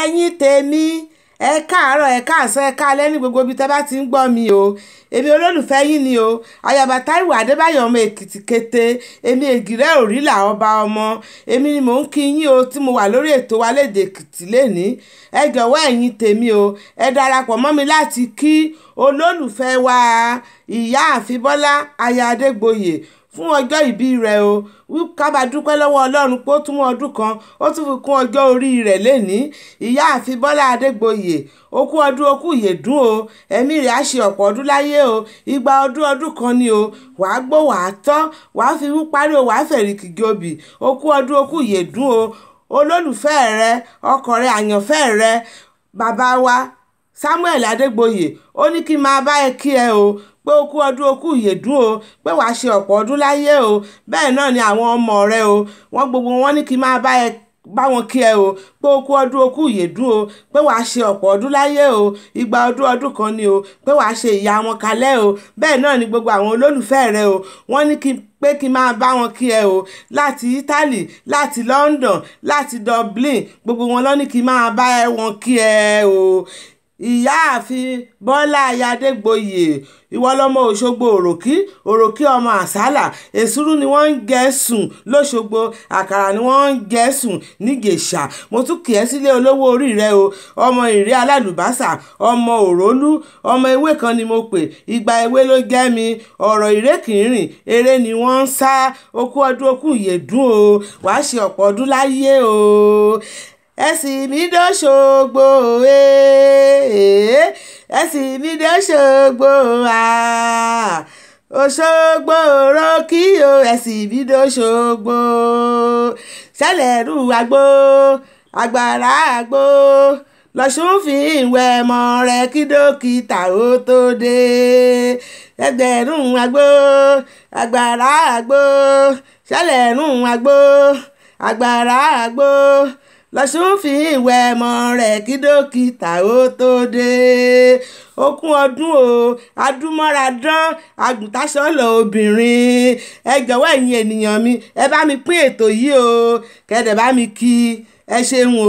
ẹ̀yin tèmi ẹ káàárọ̀ ẹ káàsán ẹ káalẹ́ ní gbogbo ibi tẹ́ bá ti ń gbọ́ mi o èmi olólùfẹ́ yín ni o ayaba táíwò adébáyọ̀ ọmọ èkìtì kété èmi ègìrẹ́ òrìlà ọba ọmọ èmi ni mò ń kí yín o tí mo wà lórí ètò wa léde èkìtì lénìí ẹ jọ̀wọ́ ẹ̀yin tèmi o ẹ darapọ̀ mọ́ mi láti kí olólùfẹ́ wa ìyá àfibọ́lá aya adégbòye fún ọjọ́ ìbí rẹ̀ o ká bá dúpẹ́ lọ́wọ́ ọlọ́run pé ó tún mú ọdún kan ó tún fi kún ọjọ́ orí rẹ̀ lénìí ìyáàfin bọ́lá adégbòye ó kú ọdún ó kú ìyèdún o ẹ̀mí rẹ̀ á ṣe ọ̀pọ̀ ọdún láyé o igba ọdún ọdún kan ni o wàá gbó wàá tọ́ wàá fi wú parí o wàá fẹ̀rìkì gòbì ó kú ọdún ó kú ìyèdún o olólùfẹ́ rẹ ọkọ rẹ àyànfẹ́ rẹ bàbá wa samuel adégbòye ó ní kí n máa bá ẹ kí ẹ o pé ó kú ọdún ó kú ìyèdún o pé wàá ṣe ọ̀pọ̀ ọdún láyé o bẹ́ẹ̀ náà ni àwọn ọmọ rẹ o wọ́n gbogbo wọn ní kí n máa bá ẹ bá wọn kí ẹ o pé okú ọdún okú ìyèdún o pé wàá ṣe ọ̀pọ̀ ọdún láyé o igba ọdún ọdún kan ni o pé wàá ṣe ìyá wọn kalẹ̀ o bẹ́ẹ̀ náà ni gbogbo àwọn olólùfẹ́ rẹ o wọ́n ní kí pé kí n máa bá wọn kí ẹ o láti Italy láti London láti Dublin gbogbo wọn ló ní kí n máa bá wọn kí ẹ o ìyáàfin bọ́lá ayádégbòye ìwọ lọmọ òṣogbo òròkì òròkì ọmọ àsálà èsúrú ni wọ́n ń jẹ sùn lọ́ṣogbo àkàrà ni wọ́n ń jẹ sùn nígèṣà mo tún kì ẹ́ sílé olówó orí rẹ o ọmọ ìrẹ́ alálùbásà ọmọ òrólú ọmọ ewé kan ni mo pè ìgbà ewé ló jẹ́ mi ọ̀rọ̀ ìrẹ́ kìrìn eré ni wọ́n ń sá okú ọdún okú ìyèdún o wàá ṣe ọ̀pọ̀ ọdún láyé o ẹ sì mí dọ́ṣogbo eh, eh, ẹ sì mí dọ́ṣogbo ah. Òṣogbo rókì o ẹ sì mí dọ́ṣogbo sẹ́lẹ̀rú àgbo àgbàrá àgbo lọ́sùn fi ìwé ẹ̀mọ́ rẹ̀ kí dókítà ó tó dé ẹgbẹ̀rún àgbo àgbàrá àgbo sẹ́lẹ̀rú àgbo àgbàrá àgbo lọ́sùn fi ìwẹ̀ ẹ̀mọ rẹ̀ kí dókítà ó tó dé okun ọdún o adúmọ́ra dán agùntàṣọ́lọ̀ obìnrin ẹ jọ̀wọ́ ẹ̀yin ènìyàn mi ẹ bá mi pín ètò yìí o kẹ́dẹ̀ bá mi kí ẹ ṣeun o.